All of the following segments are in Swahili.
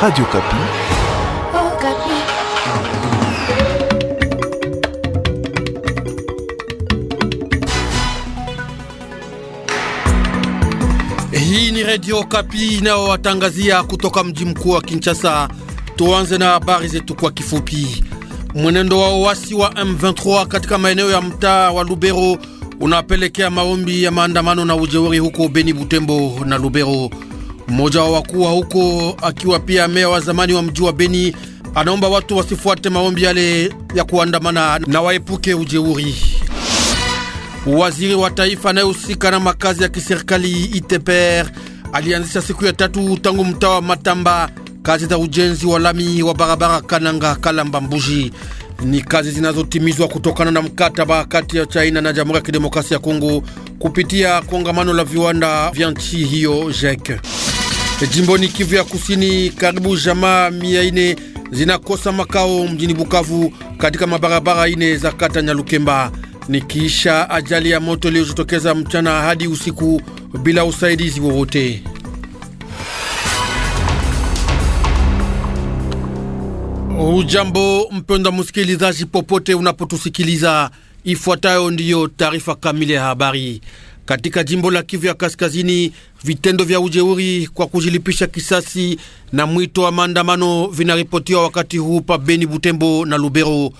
Radio Kapi. Oh, Kapi. Hii ni Radio Kapi inayowatangazia kutoka mji mkuu wa Kinshasa. Tuanze na habari zetu kwa kifupi. Mwenendo wa uasi wa M23 katika maeneo ya mtaa wa Lubero unapelekea maombi ya maandamano na ujeuri huko Beni, Butembo na Lubero. Mmoja wa wakuu wa huko akiwa pia meya wa zamani wa mji wa Beni anaomba watu wasifuate maombi yale ya kuandamana na waepuke ujeuri. Waziri wa taifa anayehusika na makazi ya kiserikali ITPR alianzisha siku ya tatu tangu mtaa wa Matamba kazi za ujenzi wa lami wa barabara Kananga Kalamba Mbuji. Ni kazi zinazotimizwa kutokana na mkataba kati ya China na Jamhuri ya Kidemokrasia ya Kongo kupitia kongamano la viwanda vya nchi hiyo JEC. E, jimboni Kivu ya Kusini, karibu jamaa mia ine zinakosa makao mjini Bukavu katika mabarabara ine za kata Nyalukemba nikiisha ajali ya moto iliyojitokeza mchana hadi usiku bila usaidizi wowote. Ujambo mpenda msikilizaji, popote unapotusikiliza, ifuatayo ndiyo taarifa kamili ya habari katika jimbo la Kivu ya Kaskazini, vitendo vya ujeuri kwa kujilipisha kisasi na mwito wa maandamano vinaripotiwa wakati huu pa Beni, Butembo na Lubero.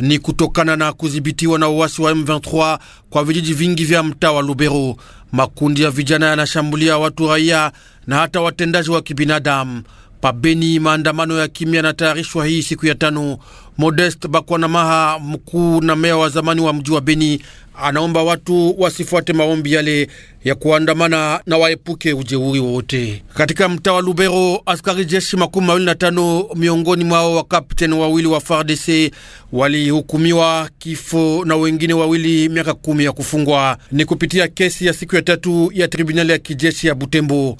Ni kutokana na kudhibitiwa na uasi wa M23 kwa vijiji vingi vya mtaa wa Lubero. Makundi ya vijana yanashambulia watu raia na hata watendaji wa kibinadamu. Pabeni maandamano ya kimya yanatayarishwa hii siku ya tano. Modest Bakwanamaha, mkuu na meya wa zamani wa mji wa Beni, anaomba watu wasifuate maombi yale ya kuandamana na waepuke ujeuri wowote. Katika mtaa wa Lubero, askari jeshi makumi mawili na tano miongoni mwao wakapteni wawili wa FARDC walihukumiwa kifo na wengine wawili miaka kumi ya kufungwa, ni kupitia kesi ya siku ya tatu ya tribunali ya kijeshi ya Butembo.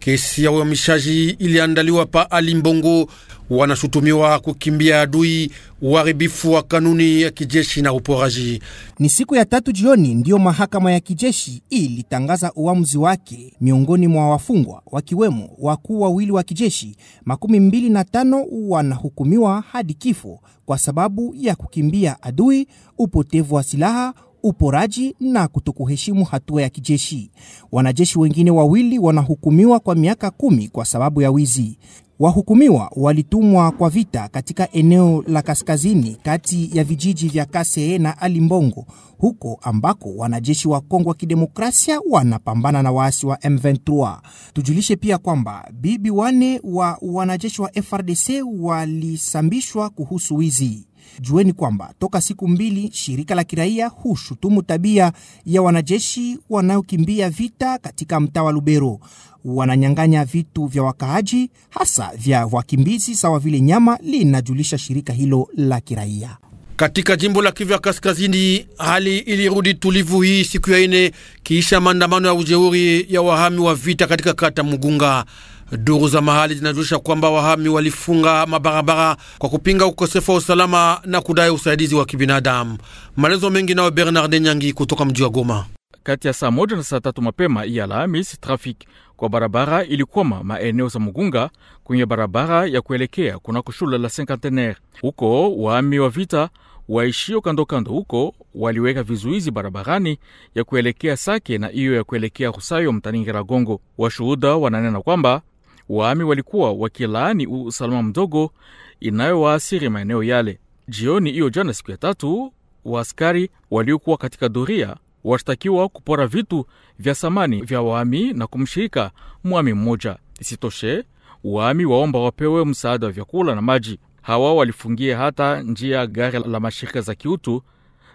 Kesi ya uhamishaji iliandaliwa pa Alimbongo. Wanashutumiwa kukimbia adui, uharibifu wa kanuni ya kijeshi na uporaji. Ni siku ya tatu jioni ndiyo mahakama ya kijeshi ilitangaza uamuzi wake. Miongoni mwa wafungwa wakiwemo wakuu wawili wa kijeshi, makumi mbili na tano wanahukumiwa hadi kifo kwa sababu ya kukimbia adui, upotevu wa silaha, uporaji na kutokuheshimu hatua ya kijeshi. Wanajeshi wengine wawili wanahukumiwa kwa miaka kumi kwa sababu ya wizi. Wahukumiwa walitumwa kwa vita katika eneo la kaskazini kati ya vijiji vya Kasee na Alimbongo, huko ambako wanajeshi wa Kongo wa Kidemokrasia wanapambana na waasi wa M23. Tujulishe pia kwamba bibi wane wa wanajeshi wa FRDC walisambishwa kuhusu wizi. Jueni kwamba toka siku mbili shirika la kiraia hushutumu tabia ya wanajeshi wanaokimbia vita katika mtaa wa Lubero. Wananyang'anya vitu vya wakaaji, hasa vya wakimbizi, sawa vile nyama, linajulisha shirika hilo la kiraia. Katika jimbo la Kivu ya Kaskazini, hali ilirudi tulivu hii siku ya ine kiisha maandamano ya ujeuri ya wahami wa vita katika kata Mugunga. Duru za mahali zinajulisha kwamba wahami walifunga mabarabara kwa kupinga ukosefu wa usalama na kudai usaidizi wa kibinadamu. Maelezo mengi nayo Bernard Nyangi kutoka mji wa Goma. Kati ya saa moja na saa tatu mapema iya Alhamisi, trafiki kwa barabara ilikwama maeneo za Mugunga kwenye barabara ya kuelekea kunako shule la Senkantenaire. Huko wahami wa vita waishio kandokando huko waliweka vizuizi barabarani ya kuelekea Sake na iyo ya kuelekea Rusayo mtaningira Gongo. Washuhuda wananena kwamba Waami walikuwa wakilaani usalama mdogo inayowaasiri maeneo yale. Jioni hiyo jana, siku ya tatu, waaskari waliokuwa katika doria washtakiwa kupora vitu vya samani vya waami na kumshirika mwami mmoja. Isitoshe, waami waomba wapewe msaada wa vyakula na maji. Hawa walifungia hata njia gari la mashirika za kiutu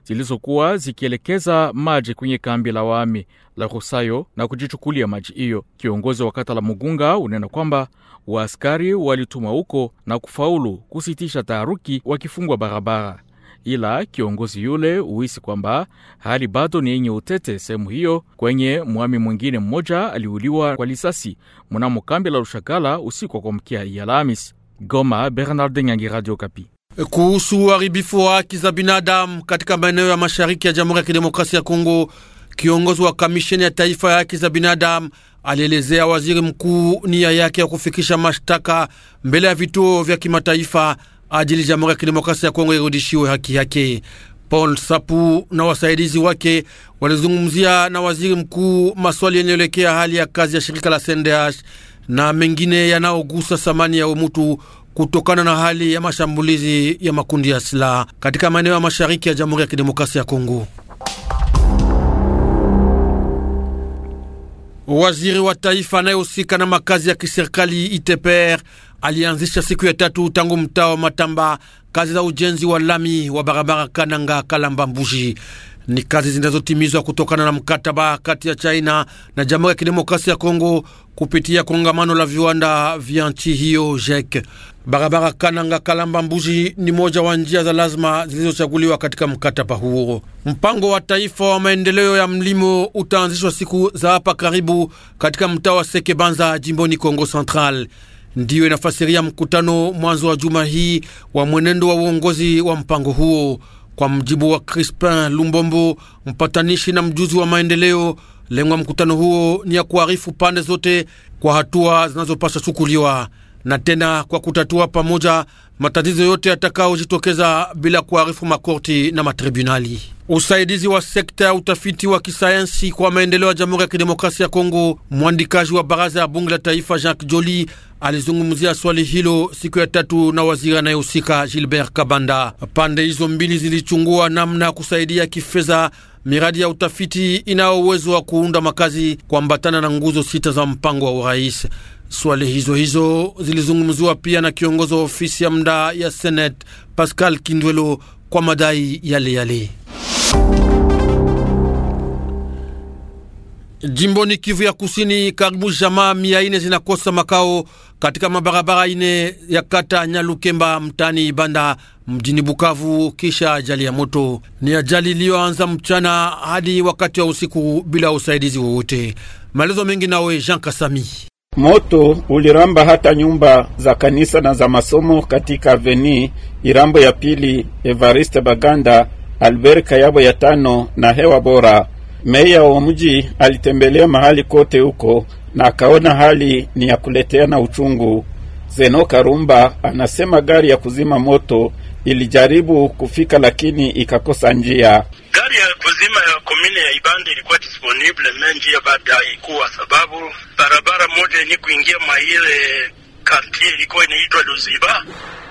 zilizokuwa zikielekeza maji kwenye kambi la waami la Rusayo na kujichukulia maji hiyo. Kiongozi wa kata la Mugunga unena kwamba waaskari walitumwa huko na kufaulu kusitisha taharuki wakifungwa barabara, ila kiongozi yule huisi kwamba hali bado ni yenye utete sehemu hiyo, kwenye mwami mwingine mmoja aliuliwa kwa lisasi mnamo kambi la Lushagala usiku wa kuamkia Alhamisi. Goma, Bernard Nyangi, Radio Kapi. Kuhusu uharibifu wa haki za binadamu katika maeneo ya mashariki ya Jamhuri ya Kidemokrasia ya Kongo, kiongozi wa kamisheni ya taifa ya haki za binadamu alielezea waziri mkuu nia yake ya kufikisha mashtaka mbele ya vituo vya kimataifa ajili Jamhuri ya Kidemokrasia ya Kongo irudishiwe haki yake. Paul Sapu na wasaidizi wake walizungumzia na waziri mkuu maswali yanayoelekea hali ya kazi ya shirika la CNDH na mengine yanayogusa thamani ya umutu kutokana na hali ya mashambulizi ya makundi ya silaha katika maeneo ya mashariki ya Jamhuri ya Kidemokrasia ya Kongo. Waziri wa taifa anayehusika na makazi ya kiserikali ITPR alianzisha siku ya tatu tangu mtaa wa Matamba kazi za ujenzi wa lami wa barabara Kananga Kalamba Mbuji ni kazi zinazotimizwa kutokana na mkataba kati ya China na Jamhuri ya kidemokrasi ya Kongo kupitia kongamano la viwanda vya nchi hiyo JEC. Barabara Kananga Kalamba Mbuji ni moja wa njia za lazima zilizochaguliwa katika mkataba huo. Mpango wa taifa wa maendeleo ya mlimo utaanzishwa siku za hapa karibu katika mtaa wa Seke Banza jimboni Kongo Central. Ndiyo inafasiria mkutano mwanzo wa juma hii wa mwenendo wa uongozi wa mpango huo. Kwa mjibu wa Crispin Lumbombo, mpatanishi na mjuzi wa maendeleo, lengo ya mkutano huo ni ya kuarifu pande zote kwa hatua zinazopasha chukuliwa na tena kwa kutatua pamoja matatizo yote yatakayojitokeza bila kuarifu makorti na matribunali. Usaidizi wa sekta ya utafiti wa kisayansi kwa maendeleo ya Jamhuri ya Kidemokrasia ya Kongo. Mwandikaji wa baraza ya bunge la taifa Jacques Joli alizungumzia swali hilo siku ya tatu na waziri anayehusika Gilbert Kabanda. Pande hizo mbili zilichungua namna ya kusaidia kifedha miradi ya utafiti inayo uwezo wa kuunda makazi kuambatana na nguzo sita za mpango wa urais. Swali hizo hizo zilizungumziwa pia na kiongozi wa ofisi ya mda ya Senate Pascal Kindwelo kwa madai yale yale. Jimboni Kivu ya Kusini, karibu jamaa mia ine zinakosa makao katika mabarabara ine ya kata Nyalukemba mtani Ibanda mjini Bukavu kisha ajali ya moto. Ni ajali iliyoanza mchana hadi wakati wa usiku bila usaidizi wowote. Maelezo mengi nawe Jean Kasami. Moto uliramba hata nyumba za kanisa na za masomo katika aveni Irambo ya pili, Evariste Baganda, Albert Kayabo ya tano na hewa bora Meya wa mji alitembelea mahali kote huko na akaona hali ni ya kuletea na uchungu. Zeno Karumba anasema gari ya kuzima moto ilijaribu kufika lakini ikakosa njia. Gari ya kuzima ya komine ya Ibanda ilikuwa disponible me njia baada ikuwa sababu barabara moja ni kuingia maile kartie ilikuwa inaitwa Luziba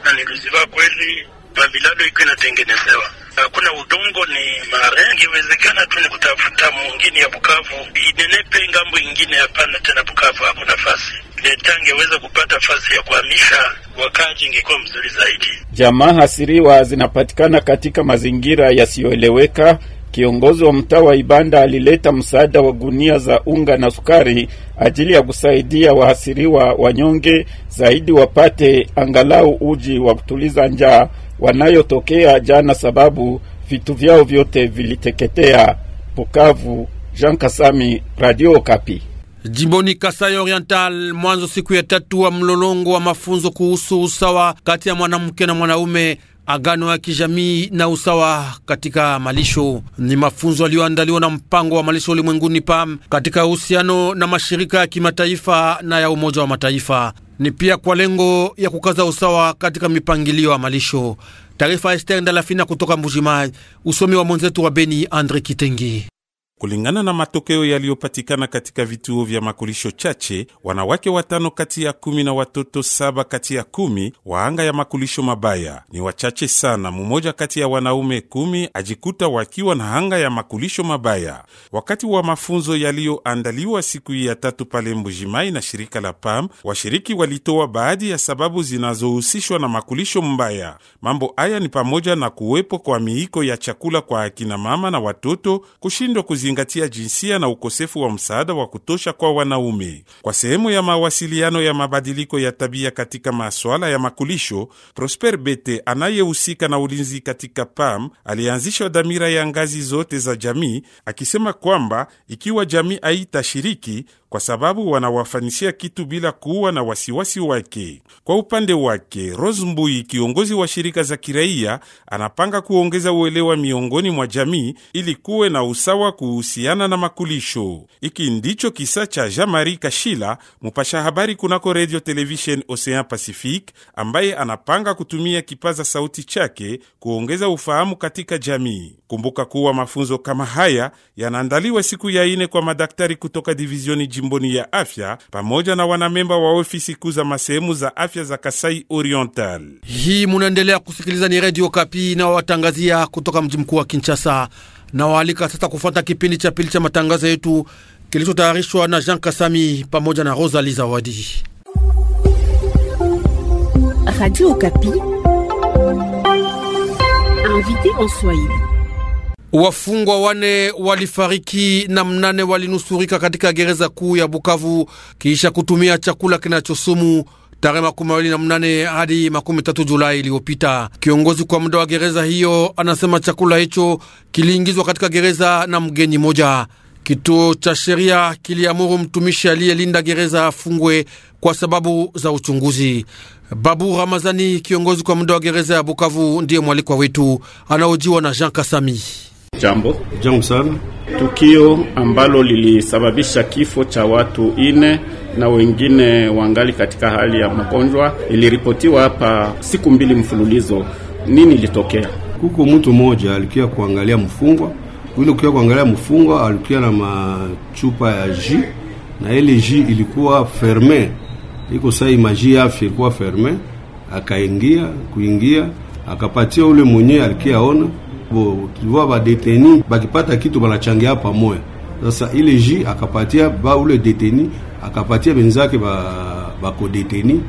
na ni Luziba kweli, na vilalo iko inatengenezewa hakuna udongo, ni mare. Ingewezekana tu ni kutafuta mwingine ya Bukavu inenepe ngambo ingine. Hapana tena, Bukavu hakuna nafasi. Leta angeweza kupata fasi ya kuhamisha wakaji, ingekuwa mzuri zaidi. Jamaa hasiriwa zinapatikana katika mazingira yasiyoeleweka Kiongozi wa mtaa wa Ibanda alileta msaada wa gunia za unga na sukari ajili ya kusaidia wahasiriwa wanyonge zaidi wapate angalau uji wa kutuliza njaa wanayotokea jana, sababu vitu vyao vyote viliteketea. Bukavu, Jean Kasami, Radio kapi Jimboni Kasai Oriental, mwanzo siku ya tatu wa mlolongo wa mafunzo kuhusu usawa kati ya mwanamke na mwanaume agano ya kijamii na usawa katika malisho ni mafunzo yaliyoandaliwa na mpango wa malisho ulimwenguni PAM katika uhusiano na mashirika ya kimataifa na ya Umoja wa Mataifa. Ni pia kwa lengo ya kukaza usawa katika mipangilio ya malisho. Taarifa Ester Ndalafina kutoka Mbujimai, usomi wa mwenzetu wa Beni Andre Kitengi. Kulingana na matokeo yaliyopatikana katika vituo vya makulisho chache, wanawake watano kati ya kumi na watoto saba kati ya kumi waanga ya makulisho mabaya ni wachache sana. Mmoja kati ya wanaume kumi ajikuta wakiwa na hanga ya makulisho mabaya. Wakati wa mafunzo yaliyoandaliwa siku ya tatu pale Mbujimai na shirika la PAM, washiriki walitoa baadhi ya sababu zinazohusishwa na makulisho mbaya. Mambo haya ni pamoja na kuwepo kwa miiko ya chakula kwa akinamama na watoto kushindwa kuzi kuzingatia jinsia na ukosefu wa msaada wa kutosha kwa wanaume. Kwa sehemu ya mawasiliano ya mabadiliko ya tabia katika maswala ya makulisho, Prosper Bete anayehusika na ulinzi katika PAM alianzisha dhamira ya ngazi zote za jamii, akisema kwamba ikiwa jamii haitashiriki kwa sababu wanawafanisia kitu bila kuwa na wasiwasi wake. Kwa upande wake, Rose Mbui, kiongozi wa shirika za kiraia, anapanga kuongeza uelewa miongoni mwa jamii ili kuwe na usawa ku kuhusiana na makulisho. Iki ndicho kisa cha Jean-Marie Kashila, mupasha habari kunako Radio Television Ocean Pacific, ambaye anapanga kutumia kipaza sauti chake kuongeza ufahamu katika jamii. Kumbuka kuwa mafunzo kama haya yanaandaliwa siku ya ine kwa madaktari kutoka divizioni jimboni ya afya pamoja na wanamemba wa ofisi kuu za masehemu za afya za Kasai Oriental. Hii munaendelea kusikiliza ni Redio Kapi na kutoka mji mkuu wa Kinshasa nawaalika sasa kufuata kipindi cha pili cha matangazo yetu kilichotayarishwa na Jean Kasami pamoja na Rosalie Zawadi. Radio invité en Wafungwa wane walifariki na mnane walinusurika katika gereza kuu ya Bukavu kisha kutumia chakula kinachosumu tarehe makumi mawili na mnane hadi makumi tatu Julai iliyopita. Kiongozi kwa muda wa gereza hiyo anasema chakula hicho kiliingizwa katika gereza na mgeni moja. Kituo cha sheria kiliamuru mtumishi aliyelinda gereza afungwe kwa sababu za uchunguzi. Babu Ramazani, kiongozi kwa muda wa gereza ya Bukavu, ndiye mwalikwa wetu, anaojiwa na Jean Kasami. Jambo. Jambo sana. Tukio ambalo lilisababisha kifo cha watu ine na wengine wangali katika hali ya magonjwa. Iliripotiwa hapa siku mbili mfululizo. Nini ilitokea? huko mtu mmoja alikia kuangalia mfungwa yule, ukia kuangalia mfungwa alikia na machupa ya j na ile j ilikuwa ferme, iko sai maji afya ilikuwa ferme, akaingia kuingia akapatia ule mwenyewe alikiaona bo, ba deteni bakipata kitu banachangia pamoja sasa ile ji akapatia ba ule deteni akapatia benzake bakodeteni ba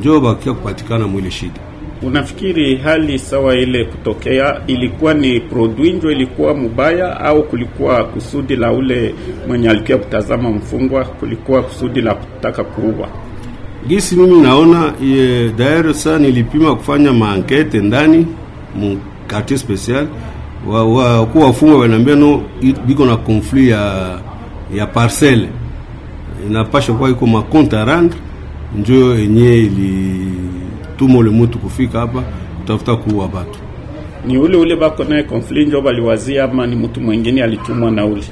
njo bakia kupatikana mwile shida. Unafikiri hali sawa ile kutokea ilikuwa ni produit ndio ilikuwa mubaya, au kulikuwa kusudi la ule mwenye alikuwa kutazama mfungwa, kulikuwa kusudi la kutaka kuua? Gisi mimi naona daire sana, nilipima kufanya maankete ndani mu quartier special wakuwa wafungwa wanaambia no, biko na conflit ya ya parcele inapasha kuwa iko makonte a rendre, njo enye ilituma ule mutu kufika hapa kutafuta kuua batu. Ni ule ule bako naye konflit njo baliwazia, ama ni mtu mwingine alitumwa na ule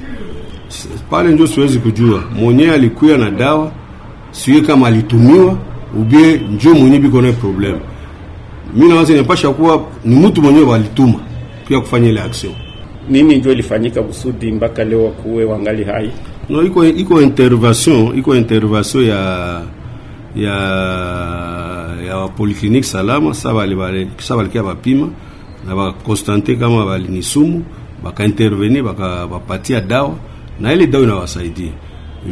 pale? Njo siwezi kujua mwenyewe alikuya na dawa, siwe kama alitumiwa ubie, njo mwenyewe biko naye problem. Mi nawaza inapasha kuwa ni mtu mwenye walituma pia kufanya ile action. Nini ndio ilifanyika kusudi mpaka leo kuwe wangali hai? No, iko iko intervention iko intervention ya ya ya wa polyclinique salama sabali bale saba alikia bapima na ba constante kama bali ni sumu baka intervenir baka bapatia dawa na ile dawa inawasaidia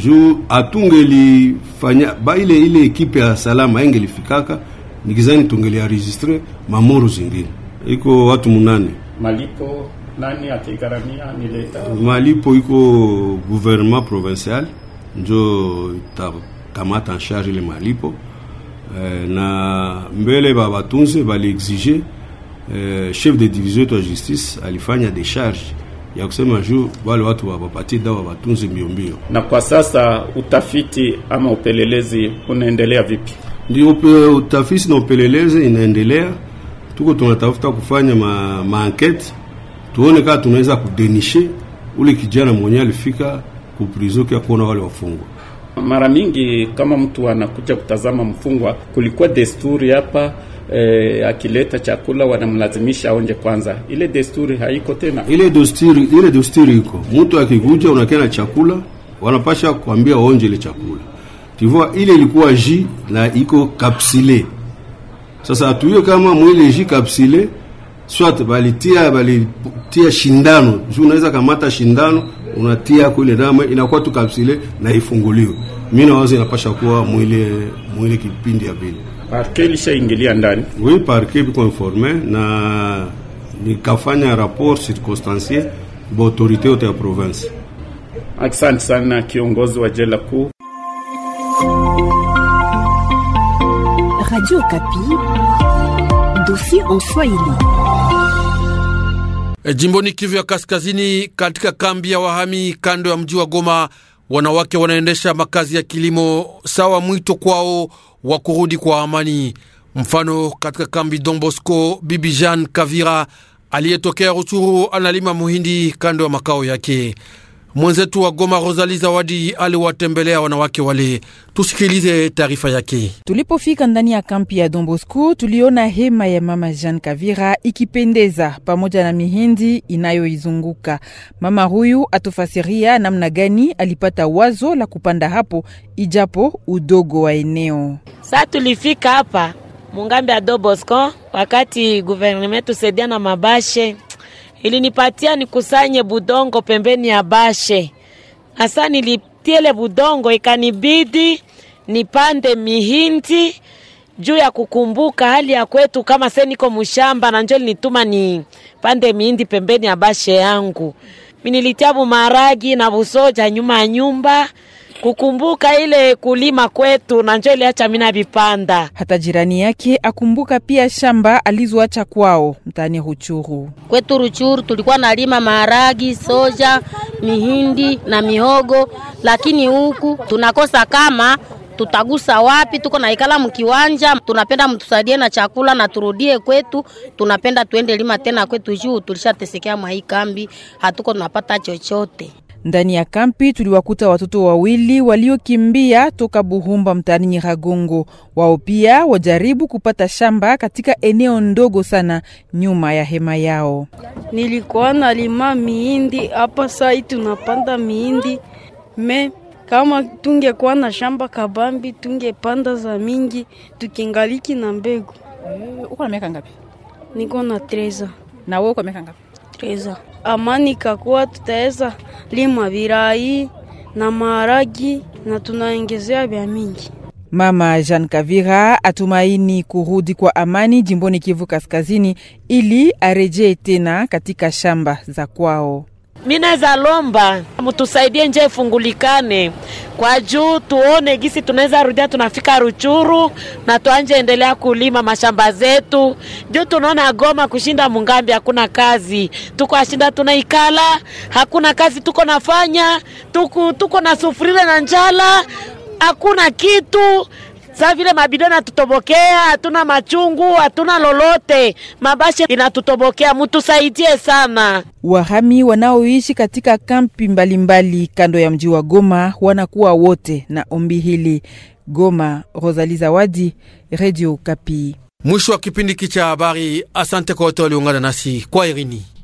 ju atungeli fanya ba ile ile ekipe ya salama ingelifikaka nikizani tungeli registre mamoro zingine iko watu munane malipo nani ataigaramia ni leta? Malipo iko gouvernement provincial njo itakamata en charge ile malipo eh, na mbele babatunze baliexige eh, chef de division yetu ya justice alifanya decharge ya kusema juu wale watu wawapatie dawa watunze mbiombio. Na kwa sasa utafiti ama upelelezi unaendelea vipi? Ndio, utafiti na upelelezi inaendelea tuko tunatafuta kufanya ma, maankete tuone kama tunaweza kudenishe ule kijana mwenyewe alifika kuprizokia kuona wale wafungwa. Mara mingi kama mtu anakuja kutazama mfungwa, kulikuwa desturi hapa e, akileta chakula wanamlazimisha aonje kwanza. Ile desturi haiko tena, ile desturi ile desturi iko, mtu akikuja unakia na chakula wanapasha kuambia waonje ile chakula tivua, ile ilikuwa ji na iko kapsule sasa hatujue kama mwili ji kapsule swat balitia balitia shindano ju unaweza kamata shindano unatia kule damu inakuwa tu kapsule na ifunguliwe. Mimi nawaza inapasha kuwa mwili mwili kipindi ya pili. Parke ilishaingilia ndani, oui parke biko informe na nikafanya rapport circonstancier ba autorité yote ya province. Asante sana kiongozi wa jela kuu. Radio Kapi, dossier en Swahili. E, jimboni Kivu ya Kaskazini, katika kambi ya wahami kando ya mji wa Goma, wanawake wanaendesha makazi ya kilimo sawa mwito kwao wa kurudi kwa amani. Mfano, katika kambi Don Bosco, Bibi Jean Kavira aliyetokea Ruchuru analima muhindi kando ya makao yake. Mwenzetu wa Goma Rosali Zawadi aliwatembelea wanawake wale. Tusikilize taarifa yake. Tulipofika ndani ya kampi ya Dombosco, tuliona hema ya mama Jean Kavira ikipendeza pamoja na mihindi inayoizunguka. Mama huyu atufasiria namna gani alipata wazo la kupanda hapo, ijapo udogo wa eneo. Saa tulifika hapa mungambi ya Dombosku wakati guvernementu saidia na mabashe ilinipatia nikusanye budongo pembeni ya bashe. Hasa nilitiele budongo, ikanibidi nipande mihindi juu ya kukumbuka hali ya kwetu, kama se niko mshamba, na njo linituma ni pande mihindi pembeni ya bashe yangu. minilitia maragi na busoja nyuma ya nyumba kukumbuka ile kulima kwetu na njo iliacha mina vipanda. Hata jirani yake akumbuka pia shamba alizoacha kwao mtaani Ruchuru. Kwetu Ruchuru tulikuwa nalima maharagi, soja, mihindi na mihogo, lakini huku tunakosa kama tutagusa wapi? Tuko na ikala mkiwanja, tunapenda mtusaidie na chakula na turudie kwetu. Tunapenda tuende lima tena kwetu juu tulishatesekea mwa hii kambi, hatuko tunapata chochote. Ndani ya kampi tuliwakuta watoto wawili waliokimbia toka Buhumba mtaani Nyiragongo. Wao pia wajaribu kupata shamba katika eneo ndogo sana nyuma ya hema yao. Nilikuwa nalima miindi hapa, sai tunapanda miindi me kama tungekuwa na shamba kabambi tungepanda za mingi tukingaliki na mbegu. Eh, uko na miaka ngapi? Niko na treza. Na wewe uko miaka ngapi? Treza. Amani kakuwa tutaweza lima virai na maharagi na tunaongezea vya mingi. Mama Jean Kavira atumaini kurudi kwa amani jimboni Kivu Kaskazini ili arejee tena katika shamba za kwao mi naweza lomba mtusaidie njia ifungulikane kwa juu tuone gisi tunaweza rudia, tunafika Ruchuru na tuanje endelea kulima mashamba zetu. Juu tunaona Goma kushinda Mungambi hakuna kazi, tuko ashinda tunaikala, hakuna kazi tuko nafanya, tuko, tuko na sufurile na njala, hakuna kitu saa vile mabido inatutobokea, hatuna machungu, hatuna lolote, mabashe inatutobokea, mutusaidie sana. Wahami wanaoishi katika kampi mbalimbali mbali kando ya mji wa Goma wanakuwa wote na ombi hili. Goma, rosali Zawadi, Radio Kapi. Mwisho wa kipindi hiki cha habari. Asante kwa wote waliungana nasi kwa Irini.